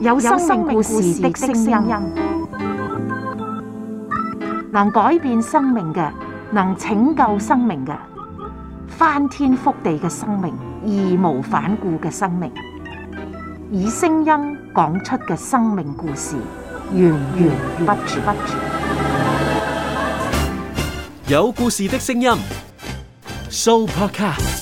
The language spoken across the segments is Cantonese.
有生命故事的聲音，能改變生命嘅，能拯救生命嘅，翻天覆地嘅生命，義無反顧嘅生命，以聲音講出嘅生命故事，源源不絕。有故事的聲音，Soul Podcast。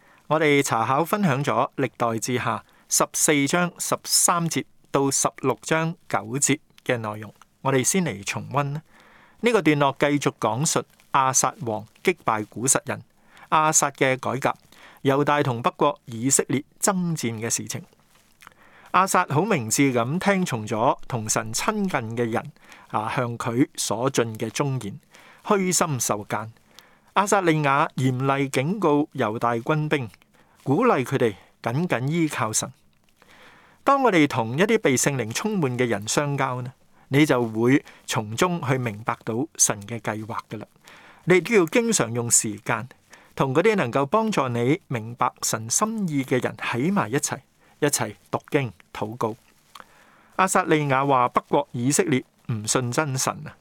我哋查考分享咗歷代志下十四章十三節到十六章九節嘅內容，我哋先嚟重溫呢、這個段落，繼續講述阿薩王擊敗古實人、阿薩嘅改革、猶大同北國以色列爭戰嘅事情。阿薩好明智咁聽從咗同神親近嘅人啊，向佢所盡嘅忠言，虛心受諫。阿撒利雅嚴厲警告猶大軍兵，鼓勵佢哋緊緊依靠神。當我哋同一啲被聖靈充滿嘅人相交呢，你就會從中去明白到神嘅計劃噶啦。你都要經常用時間同嗰啲能夠幫助你明白神心意嘅人喺埋一齊，一齊讀經、禱告。阿撒利雅話：北國以色列唔信真神啊。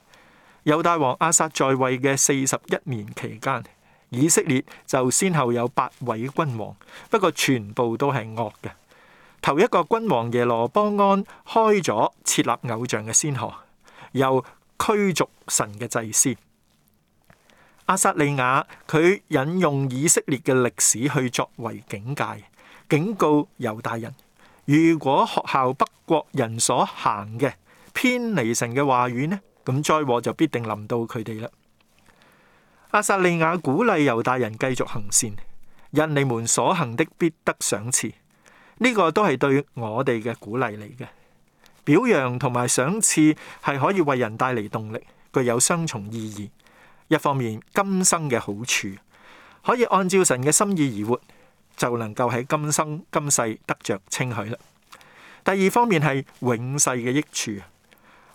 猶大王亞撒在位嘅四十一年期間，以色列就先後有八位君王，不過全部都係惡嘅。頭一個君王耶羅波安開咗設立偶像嘅先河，又驅逐神嘅祭司。亞撒利雅佢引用以色列嘅歷史去作為警戒，警告猶大人：如果學校北國人所行嘅偏離神嘅話語呢，咁災禍就必定臨到佢哋啦。阿撒利雅鼓勵猶大人繼續行善，因你們所行的必得賞賜。呢個都係對我哋嘅鼓勵嚟嘅，表揚同埋賞賜係可以為人帶嚟動力，具有雙重意義。一方面今生嘅好處，可以按照神嘅心意而活，就能夠喺今生今世得着稱許啦。第二方面係永世嘅益處。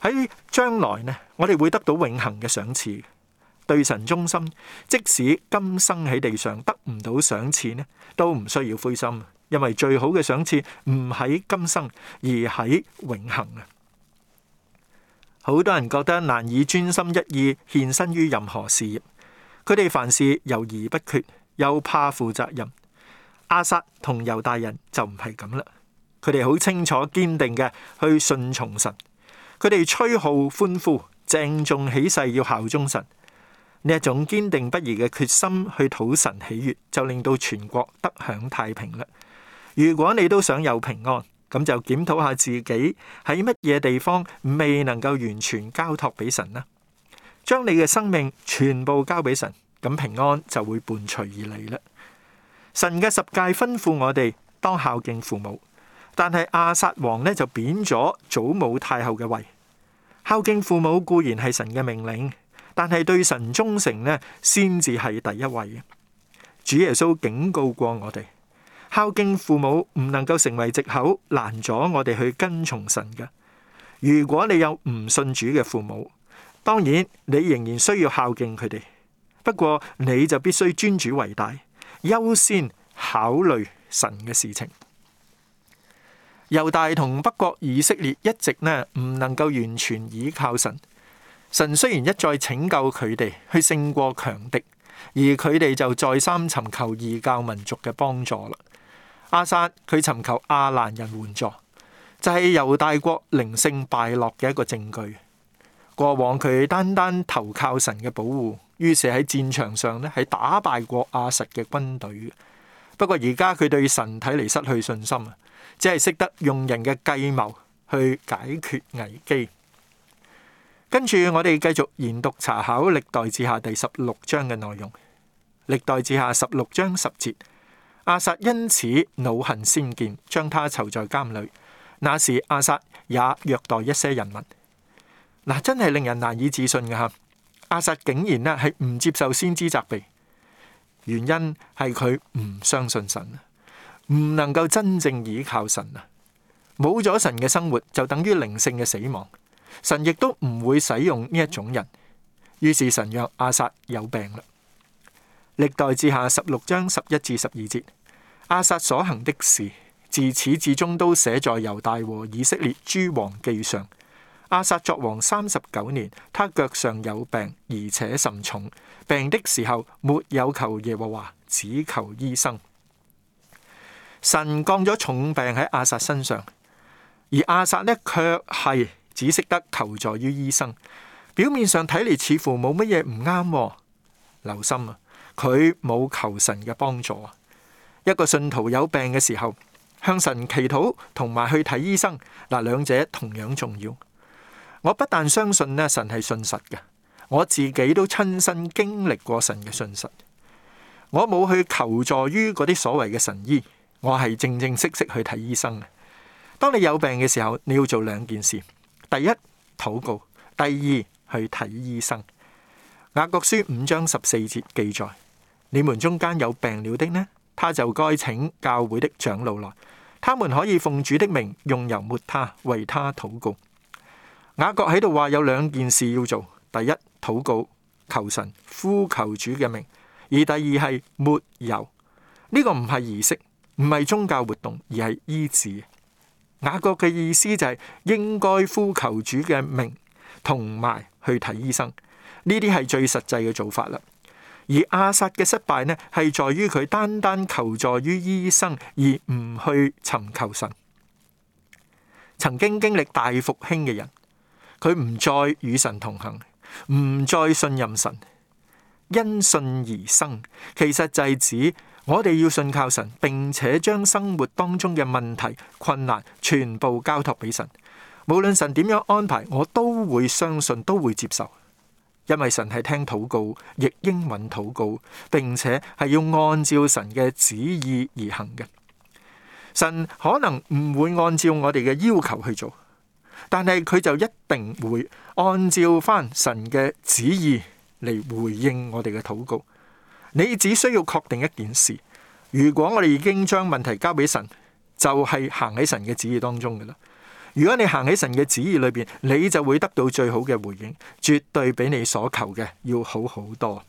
喺將來呢，我哋會得到永恒嘅賞賜。對神忠心，即使今生喺地上得唔到賞賜呢，都唔需要灰心，因為最好嘅賞賜唔喺今生，而喺永恒啊！好多人覺得難以專心一意獻身於任何事業，佢哋凡事猶豫不決，又怕負責任。阿薩同猶大人就唔係咁啦，佢哋好清楚堅定嘅去順從神。佢哋吹號歡呼，鄭重起誓要效忠神。呢一種堅定不移嘅決心去討神喜悅，就令到全國得享太平啦。如果你都想有平安，咁就檢討下自己喺乜嘢地方未能夠完全交託俾神啦。將你嘅生命全部交俾神，咁平安就會伴隨而嚟啦。神嘅十誡吩咐我哋當孝敬父母。但係阿薩王呢就貶咗祖母太后嘅位。孝敬父母固然係神嘅命令，但係對神忠誠呢先至係第一位嘅。主耶穌警告過我哋，孝敬父母唔能夠成為借口，攔阻我哋去跟從神嘅。如果你有唔信主嘅父母，當然你仍然需要孝敬佢哋，不過你就必須尊主為大，優先考慮神嘅事情。猶大同北國以色列一直呢唔能夠完全依靠神，神雖然一再拯救佢哋去勝過強敵，而佢哋就再三尋求異教民族嘅幫助啦。阿薩佢尋求阿蘭人援助，就係猶大國靈性敗落嘅一個證據。過往佢單單投靠神嘅保護，於是喺戰場上呢係打敗過阿實嘅軍隊。不過而家佢對神睇嚟失去信心啊！即係識得用人嘅計謀去解決危機，跟住我哋繼續研讀查考歷代志下第十六章嘅內容。歷代志下十六章十節，阿薩因此惱恨先見，將他囚在監裏。那時阿薩也虐待一些人民。嗱，真係令人難以置信嘅，吓，阿薩竟然咧，係唔接受先知責備，原因係佢唔相信神唔能夠真正依靠神啊！冇咗神嘅生活就等於靈性嘅死亡。神亦都唔會使用呢一種人。於是神讓阿薩有病啦。歷代志下十六章十一至十二節，阿薩所行的事，自始至終都寫在猶大和以色列諸王記上。阿薩作王三十九年，他腳上有病，而且甚重。病的時候沒有求耶和華，只求醫生。神降咗重病喺阿薩身上，而阿薩咧卻係只識得求助於醫生。表面上睇嚟，似乎冇乜嘢唔啱。留心啊，佢冇求神嘅幫助啊。一個信徒有病嘅時候，向神祈禱同埋去睇醫生嗱，兩者同樣重要。我不但相信咧神係信實嘅，我自己都親身經歷過神嘅信實。我冇去求助於嗰啲所謂嘅神醫。我係正正式式去睇醫生嘅。當你有病嘅時候，你要做兩件事：第一，禱告；第二，去睇醫生。雅各書五章十四節記載：你們中間有病了的呢，他就該請教會的長老來，他們可以奉主的名用油抹他，為他禱告。雅各喺度話有兩件事要做：第一，禱告，求神，呼求主嘅名；而第二係抹油，呢個唔係儀式。唔係宗教活動，而係醫治。雅各嘅意思就係、是、應該呼求主嘅名，同埋去睇醫生，呢啲係最實際嘅做法啦。而阿薩嘅失敗呢，係在於佢單單求助於醫生，而唔去尋求神。曾經經歷大復興嘅人，佢唔再與神同行，唔再信任神，因信而生，其實就係指。我哋要信靠神，並且將生活當中嘅問題困難全部交託俾神。無論神點樣安排，我都會相信，都會接受。因為神係聽禱告，亦應允禱告，並且係要按照神嘅旨意而行嘅。神可能唔會按照我哋嘅要求去做，但係佢就一定會按照翻神嘅旨意嚟回應我哋嘅禱告。你只需要確定一件事，如果我哋已經將問題交俾神，就係行喺神嘅旨意當中嘅啦。如果你行喺神嘅旨意裏邊，你就會得到最好嘅回應，絕對比你所求嘅要好好多。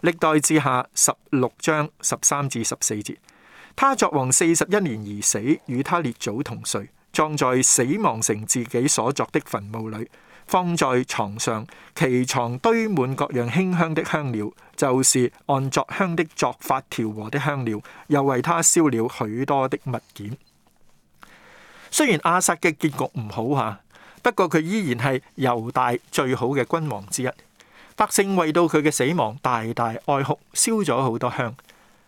歷代志下十六章十三至十四節，他作王四十一年而死，與他列祖同睡，葬在死亡城自己所作的墳墓裏。放在床上，其床堆滿各樣馨香的香料，就是按作香的作法調和的香料。又為他燒了許多的物件。雖然阿薩嘅結局唔好吓，不過佢依然係猶大最好嘅君王之一。百姓為到佢嘅死亡大大哀哭，燒咗好多香。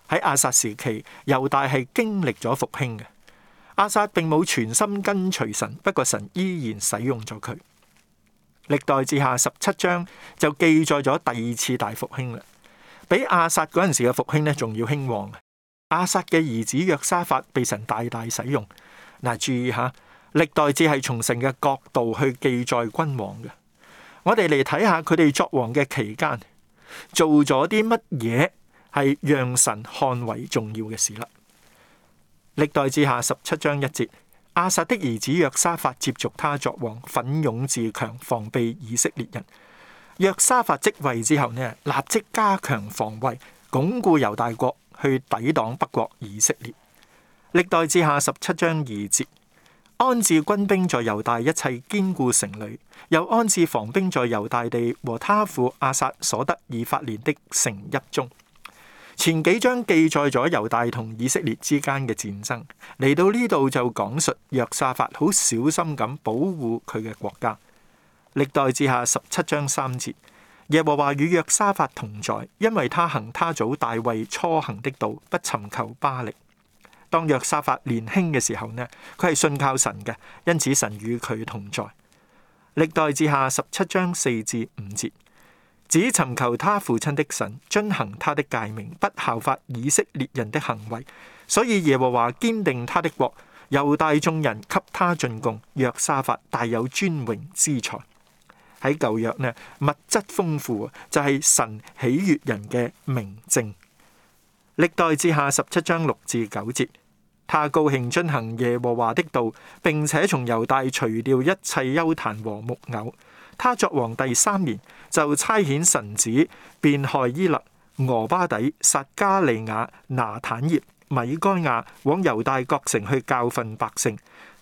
喺阿薩時期，猶大係經歷咗復興嘅。阿薩並冇全心跟隨神，不過神依然使用咗佢。歷代志下十七章就記載咗第二次大復興啦，比亞撒嗰陣時嘅復興咧仲要興旺。亞撒嘅兒子約沙法被神大大使用。嗱、啊，注意下，歷代志係從神嘅角度去記載君王嘅。我哋嚟睇下佢哋作王嘅期間做咗啲乜嘢係讓神看為重要嘅事啦。歷代志下十七章一節。亞撒的兒子約沙法接續他作王，奮勇自強，防備以色列人。約沙法即位之後呢，立即加強防衛，鞏固猶大國，去抵擋北國以色列。歷代志下十七章二節：安置軍兵在猶大一切堅固城裏，又安置防兵在猶大地和他父亞撒所得以法蓮的城一中。前幾章記載咗猶大同以色列之間嘅戰爭，嚟到呢度就講述約沙法好小心咁保護佢嘅國家。歷代志下十七章三節，耶和華與約沙法同在，因為他行他祖大衛初行的道，不尋求巴力。當約沙法年輕嘅時候呢，佢係信靠神嘅，因此神與佢同在。歷代志下十七章四至五節。只尋求他父親的神，遵行他的誡命，不效法以色列人的行為，所以耶和華堅定他的國，猶大眾人給他進貢。約沙法大有尊榮資財。喺舊約呢，物質豐富就係、是、神喜悅人嘅明證。歷代志下十七章六至九節，他高興遵行耶和華的道，並且從猶大除掉一切丘壇和木偶。他作王第三年，就差遣臣子，便亥伊勒、俄巴底、撒加利雅、拿坦業、米該亞，往猶大各城去教訓百姓，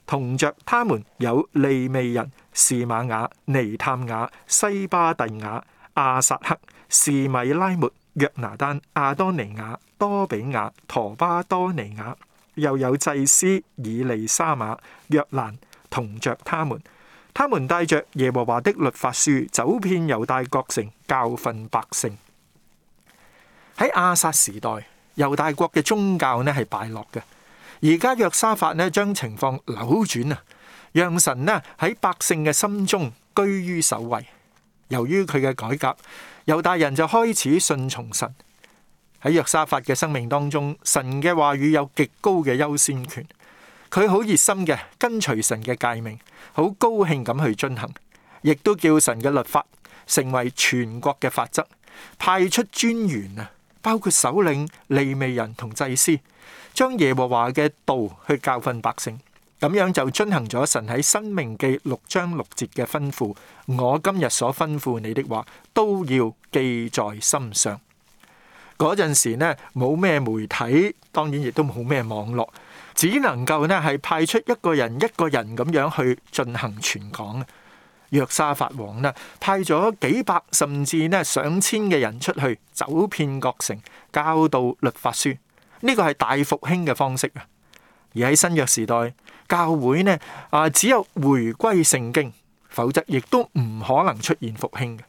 同着他們有利未人、士瑪雅、尼探雅、西巴第雅、亞撒克、士米拉末、約拿丹、亞多尼雅、多比雅、陀巴多尼雅，又有祭司以利沙馬、約蘭，同着他們。他們帶着耶和華的律法書走遍猶大國城，教訓百姓。喺亞薩時代，猶大國嘅宗教呢係敗落嘅。而家約沙法呢將情況扭轉啊，讓神呢喺百姓嘅心中居於首位。由於佢嘅改革，猶大人就開始信從神。喺約沙法嘅生命當中，神嘅話語有極高嘅優先權。佢好熱心嘅跟隨神嘅誡命，好高興咁去進行，亦都叫神嘅律法成為全國嘅法則。派出專員啊，包括首領、利未人同祭司，將耶和華嘅道去教訓百姓。咁樣就進行咗神喺申命記六章六節嘅吩咐。我今日所吩咐你的話，都要記在心上。嗰陣時呢，冇咩媒體，當然亦都冇咩網絡。只能夠咧係派出一個人一個人咁樣去進行傳講。約沙法王啦，派咗幾百甚至咧上千嘅人出去，走遍各城，教導律法書。呢個係大復興嘅方式啊。而喺新約時代，教會咧啊，只有回歸聖經，否則亦都唔可能出現復興嘅。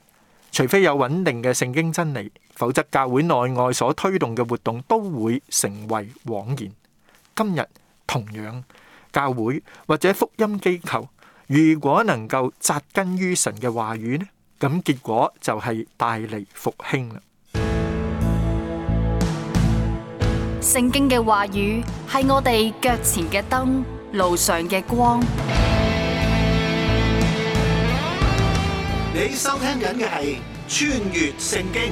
除非有穩定嘅聖經真理，否則教會內外所推動嘅活動都會成為枉然。今日同樣教會或者福音機構，如果能夠紮根於神嘅話語呢，咁結果就係帶嚟復興啦。聖經嘅話語係我哋腳前嘅燈，路上嘅光。你收聽緊嘅係《穿越聖經》。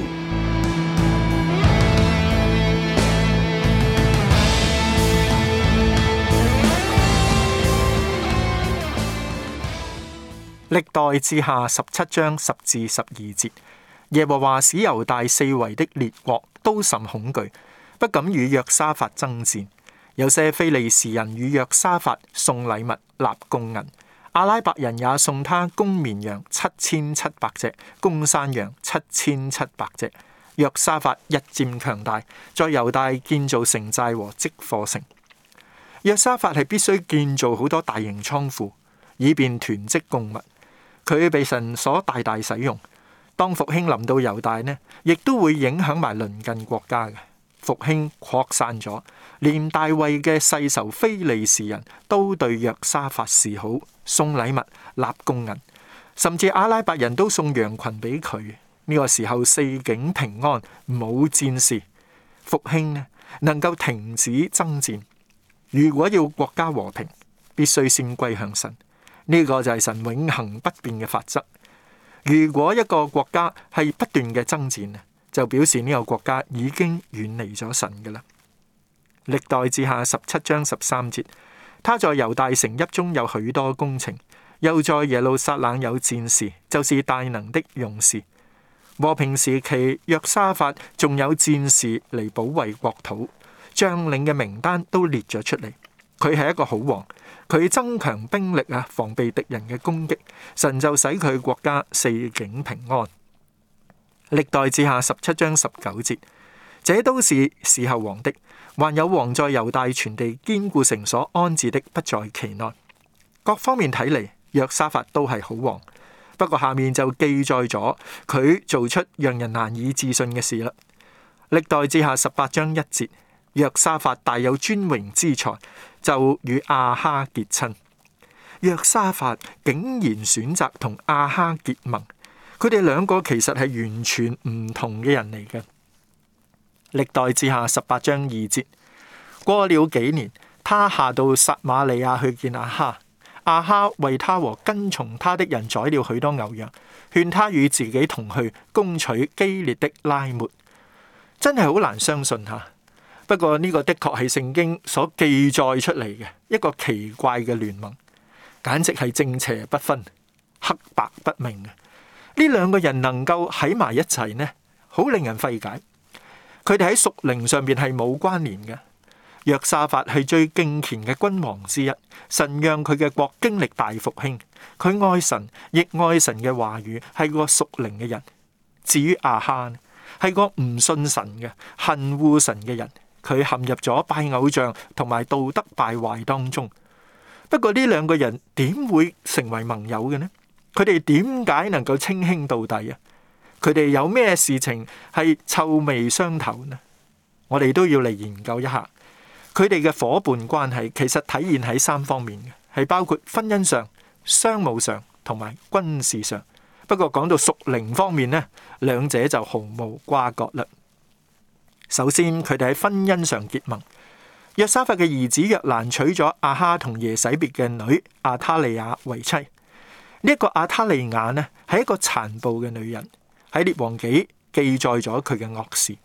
歷代志下十七章十至十二節，耶和華使猶大四圍的列國都甚恐懼，不敢與約沙法爭戰。有些非利士人與約沙法送禮物、納貢銀。阿拉伯人也送他公綿羊七千七百隻，公山羊七千七百隻。約沙法日漸強大，在猶大建造城寨和積貨城。約沙法係必須建造好多大型倉庫，以便囤積貢物。佢被神所大大使用，當復興臨到猶大呢，亦都會影響埋鄰近國家嘅復興擴散咗，連大衛嘅世仇非利士人都對約沙法示好，送禮物、納貢銀，甚至阿拉伯人都送羊群俾佢。呢、這個時候四境平安，冇戰事，復興呢能夠停止爭戰。如果要國家和平，必須先歸向神。呢個就係神永恆不變嘅法則。如果一個國家係不斷嘅爭戰，就表示呢個國家已經遠離咗神㗎喇。歷代志下十七章十三節，他在猶大城邑中有許多工程，又在耶路撒冷有戰士，就是大能的勇士。和平時期，約沙法仲有戰士嚟保衞國土，將領嘅名單都列咗出嚟。佢係一個好王，佢增強兵力啊，防備敵人嘅攻擊。神就使佢國家四境平安。歷代志下十七章十九節，這都是伺候王的，還有王在猶大全地堅固城所安置的不在其內。各方面睇嚟，約沙法都係好王。不過下面就記載咗佢做出讓人難以置信嘅事啦。歷代志下十八章一節。約沙法大有尊榮之才，就與亞哈結親。約沙法竟然選擇同亞哈結盟，佢哋兩個其實係完全唔同嘅人嚟嘅。歷代志下十八章二節，過了幾年，他下到撒馬利亞去見亞哈。亞哈為他和跟從他的人宰了許多牛羊，勸他與自己同去攻取基列的拉末。真係好難相信吓。不過呢個的確係聖經所記載出嚟嘅一個奇怪嘅聯盟，簡直係正邪不分、黑白不明嘅。呢兩個人能夠喺埋一齊呢，好令人費解。佢哋喺屬靈上邊係冇關聯嘅。約沙法係最敬虔嘅君王之一，神讓佢嘅國經歷大復興。佢愛神，亦愛神嘅話語，係個屬靈嘅人。至於亞哈呢，係個唔信神嘅、恨惡神嘅人。佢陷入咗拜偶像同埋道德敗壞當中。不過呢兩個人點會成為盟友嘅呢？佢哋點解能夠稱兄道弟啊？佢哋有咩事情係臭味相投呢？我哋都要嚟研究一下佢哋嘅夥伴關係，其實體現喺三方面嘅，係包括婚姻上、商務上同埋軍事上。不過講到屬靈方面呢，兩者就毫無瓜葛啦。首先，佢哋喺婚姻上結盟。約沙法嘅兒子約蘭娶咗亞哈同耶洗別嘅女阿塔利亞為妻。這個、利亞呢一個阿塔利亞呢，係一個殘暴嘅女人，喺列王紀記載咗佢嘅惡事。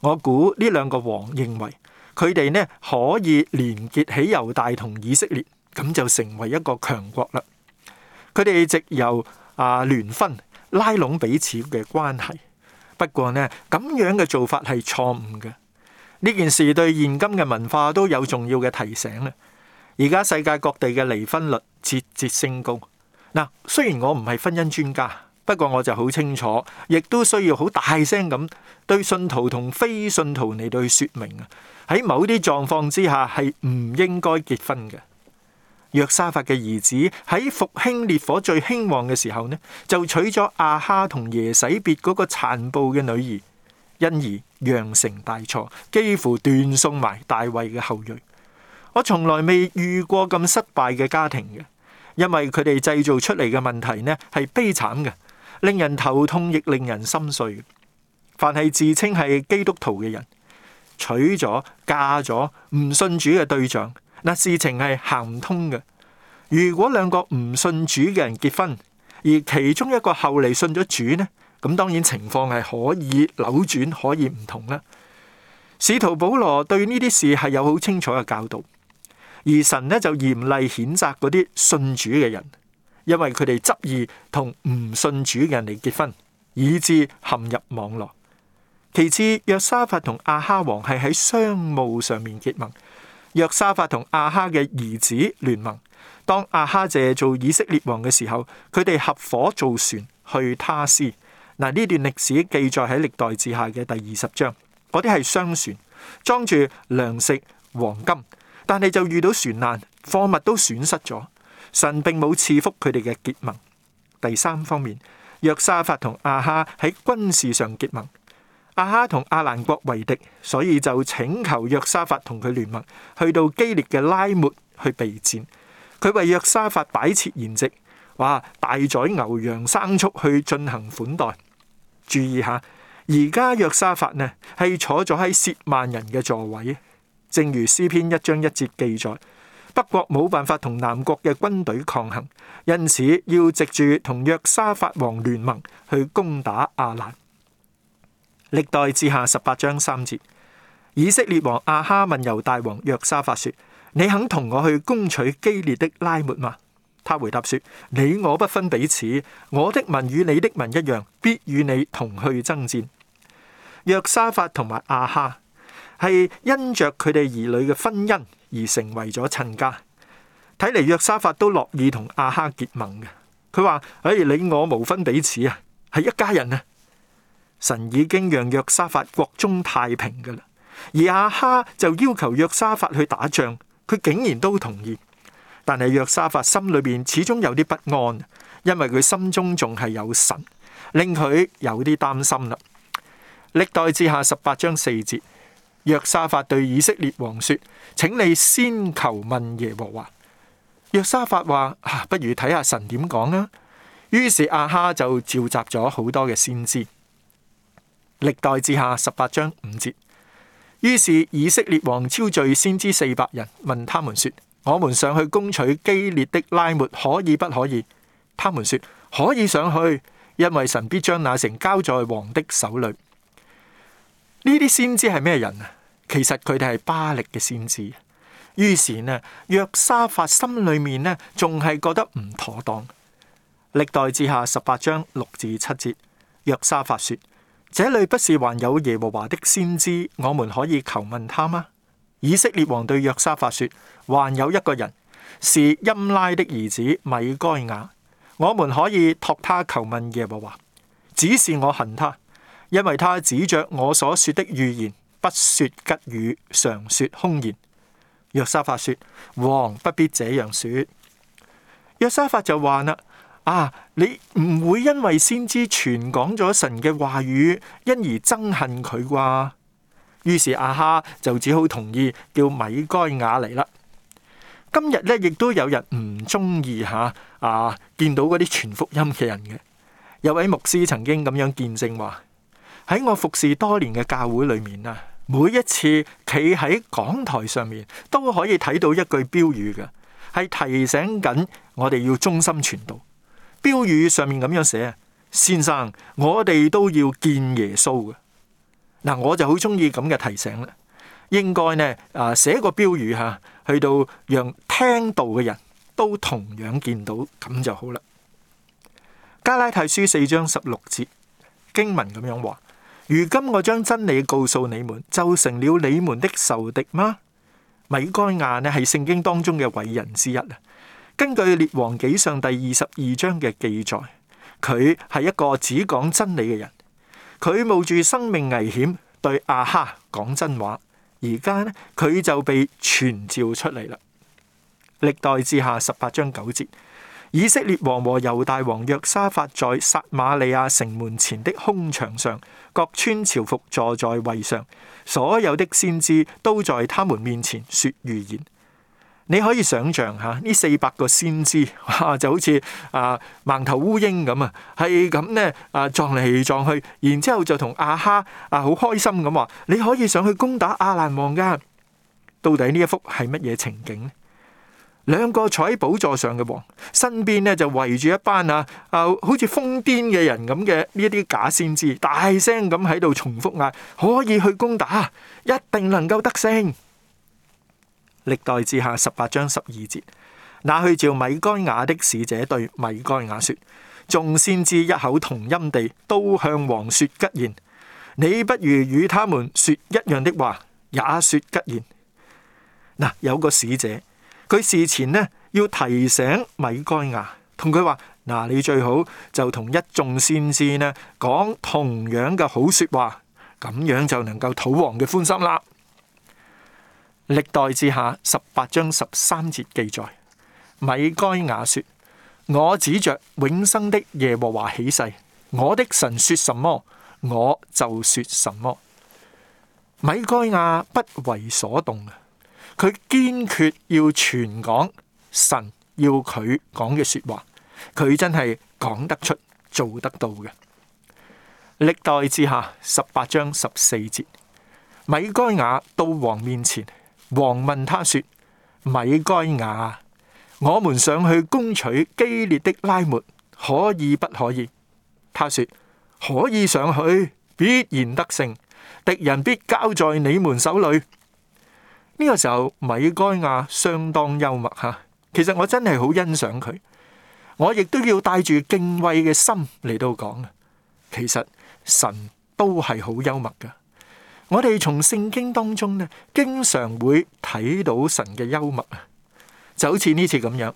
我估呢兩個王認為佢哋呢可以連結起猶大同以色列，咁就成為一個強國啦。佢哋藉由啊聯婚拉攏彼此嘅關係。不過呢，咁樣嘅做法係錯誤嘅。呢件事對現今嘅文化都有重要嘅提醒啦。而家世界各地嘅離婚率節節升高。嗱，雖然我唔係婚姻專家，不過我就好清楚，亦都需要好大聲咁對信徒同非信徒嚟到去説明啊。喺某啲狀況之下係唔應該結婚嘅。約沙法嘅兒子喺復興烈火最興旺嘅時候呢，就娶咗亞哈同耶洗別嗰個殘暴嘅女兒，因而釀成大錯，幾乎斷送埋大衛嘅後裔。我從來未遇過咁失敗嘅家庭嘅，因為佢哋製造出嚟嘅問題呢係悲慘嘅，令人頭痛亦令人心碎。凡係自稱係基督徒嘅人，娶咗嫁咗唔信主嘅對象。嗱，事情係行唔通嘅。如果兩個唔信主嘅人結婚，而其中一個後嚟信咗主呢，咁當然情況係可以扭轉，可以唔同啦。使徒保羅對呢啲事係有好清楚嘅教導，而神呢就嚴厲譴責嗰啲信主嘅人，因為佢哋執意同唔信主嘅人嚟結婚，以致陷入網絡。其次，約沙法同亞哈王係喺商務上面結盟。約沙法同亞哈嘅兒子聯盟，當亞哈借做以色列王嘅時候，佢哋合夥造船去他施。嗱，呢段歷史記載喺《歷代志》下嘅第二十章。嗰啲係商船，裝住糧食、黃金，但係就遇到船難，貨物都損失咗。神並冇賜福佢哋嘅結盟。第三方面，約沙法同亞哈喺軍事上結盟。阿哈同阿蘭國為敵，所以就請求約沙法同佢聯盟，去到基列嘅拉末去備戰。佢為約沙法擺設筵席，哇！大宰牛羊牲畜去進行款待。注意下，而家約沙法呢係坐咗喺褻慢人嘅座位，正如詩篇一章一節記載。北國冇辦法同南國嘅軍隊抗衡，因此要藉住同約沙法王聯盟去攻打阿蘭。歷代志下十八章三節，以色列王亞哈問猶大王約沙法說：你肯同我去攻取基列的拉末嗎？他回答說：你我不分彼此，我的民與你的民一樣，必與你同去爭戰。約沙法同埋亞哈係因着佢哋兒女嘅婚姻而成為咗親家，睇嚟約沙法都樂意同亞哈結盟嘅。佢話：哎，你我無分彼此啊，係一家人啊！神已經讓約沙法國中太平噶啦，而亞哈就要求約沙法去打仗，佢竟然都同意。但係約沙法心裏邊始終有啲不安，因為佢心中仲係有神，令佢有啲擔心啦。歷代志下十八章四節，約沙法對以色列王說：請你先求問耶和華。約沙法話，啊，不如睇下神點講啊。於是亞哈就召集咗好多嘅先知。歷代誌下十八章五節，於是以色列王招聚先知四百人，問他們說：我們上去攻取基列的拉末可以不可以？他們說可以上去，因為神必將那城交在王的手裏。呢啲先知係咩人啊？其實佢哋係巴力嘅先知。於是呢，約沙法心裏面呢仲係覺得唔妥當。歷代誌下十八章六至七節，約沙法說。這裏不是還有耶和華的先知，我們可以求問他嗎？以色列王對約沙法說：還有一個人是音拉的兒子米該雅，我們可以託他求問耶和華。只是我恨他，因為他指着我所說的預言不說吉語，常說空言。約沙法說：王不必這樣說。約沙法就話啦。啊！你唔會因為先知傳講咗神嘅話語，因而憎恨佢啩？於是阿哈就只好同意叫米該雅嚟啦。今日咧，亦都有人唔中意吓啊，見到嗰啲傳福音嘅人嘅。有位牧師曾經咁樣見證話，喺我服侍多年嘅教會裏面啊，每一次企喺講台上面，都可以睇到一句標語嘅，係提醒緊我哋要忠心傳道。標語上面咁樣寫啊，先生，我哋都要見耶穌嘅。嗱，我就好中意咁嘅提醒啦。應該呢啊寫個標語吓，去到讓聽道嘅人都同樣見到，咁就好啦。加拉太書四章十六節經文咁樣話：如今我將真理告訴你們，就成了你們的仇敵嗎？米該亞呢係聖經當中嘅偉人之一啊。根據《列王紀上》第二十二章嘅記載，佢係一個只講真理嘅人，佢冒住生命危險對亞哈講真話。而家呢，佢就被傳召出嚟啦。歷代志下十八章九節，以色列王和猶大王約沙法在撒瑪利亞城門前的空場上，各穿朝服坐在位上，所有的先知都在他們面前說預言。你可以想象吓呢四百個先知，哇就好似啊盲頭烏蠅咁啊，係咁咧啊撞嚟撞去，然之後就同阿哈啊好開心咁話：你可以上去攻打亞蘭王噶。到底呢一幅係乜嘢情景呢？兩個坐喺寶座上嘅王，身邊咧就圍住一班啊啊好似瘋癲嘅人咁嘅呢啲假先知，大聲咁喺度重複嗌：可以去攻打，一定能夠得勝。歷代誌下十八章十二節，那去召米該雅的使者對米該雅說：眾先知一口同音地都向王說吉言，你不如與他們說一樣的話，也說吉言。嗱，有個使者，佢事前呢要提醒米該雅，同佢話：嗱，你最好就同一眾先知呢講同樣嘅好說話，咁樣就能夠討王嘅歡心啦。歷代志下十八章十三節記載，米該亞說：我指着永生的耶和華起誓，我的神說什麼，我就說什麼。米該亞不為所動，佢堅決要傳講神要佢講嘅說話，佢真係講得出、做得到嘅。歷代志下十八章十四節，米該亞到王面前。王問他說：米該亞，我們上去攻取基列的拉末，可以不可以？他說：可以上去，必然得勝，敵人必交在你們手裏。呢、這個時候，米該亞相當幽默吓，其實我真係好欣賞佢，我亦都要帶住敬畏嘅心嚟到講啊。其實神都係好幽默噶。我哋從聖經當中咧，經常會睇到神嘅幽默啊，就好似呢次咁樣，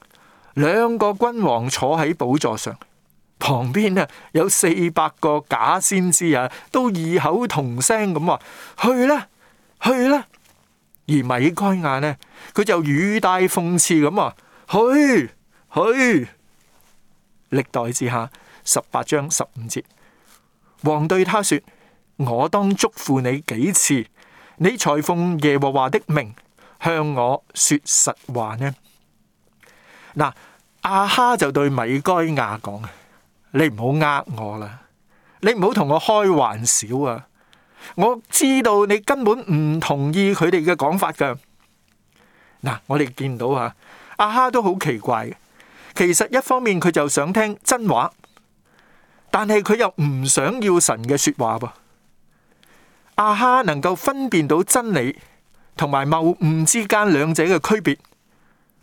兩個君王坐喺寶座上，旁邊啊有四百個假先知啊，都異口同聲咁話去啦去啦，而米該雅呢，佢就語帶諷刺咁話去去。歷代志下十八章十五節，王對他說。我當囑咐你幾次，你才奉耶和華的名向我說實話呢？嗱，阿哈就對米該亞講，你唔好呃我啦，你唔好同我開玩笑啊！我知道你根本唔同意佢哋嘅講法噶。嗱、啊，我哋見到啊，阿、啊、哈都好奇怪。其實一方面佢就想聽真話，但係佢又唔想要神嘅說話噃。亞哈能夠分辨到真理同埋謬誤之間兩者嘅區別，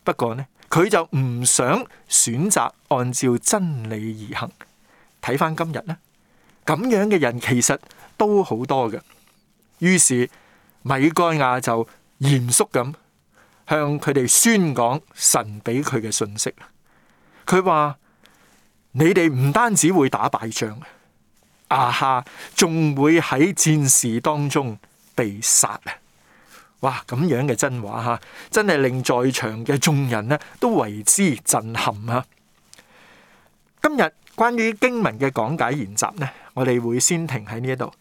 不過呢，佢就唔想選擇按照真理而行。睇翻今日呢，咁樣嘅人其實都好多嘅。於是米該亞就嚴肅咁向佢哋宣講神俾佢嘅信息。佢話：你哋唔單止會打敗仗。亞哈，仲會喺戰事當中被殺啊！哇，咁樣嘅真話吓，真係令在場嘅眾人呢都為之震撼啊！今日關於經文嘅講解研習呢，我哋會先停喺呢度。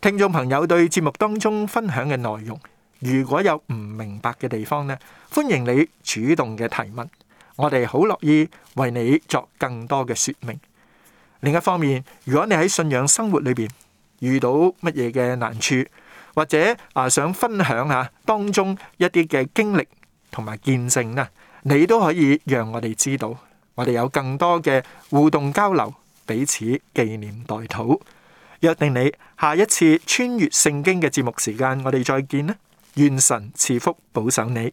聽眾朋友對節目當中分享嘅內容，如果有唔明白嘅地方呢，歡迎你主動嘅提問，我哋好樂意為你作更多嘅說明。另一方面，如果你喺信仰生活裏邊遇到乜嘢嘅難處，或者啊想分享下當中一啲嘅經歷同埋見證咧，你都可以讓我哋知道，我哋有更多嘅互動交流，彼此紀念代禱。約定你下一次穿越聖經嘅節目時間，我哋再見啦！願神賜福保守你。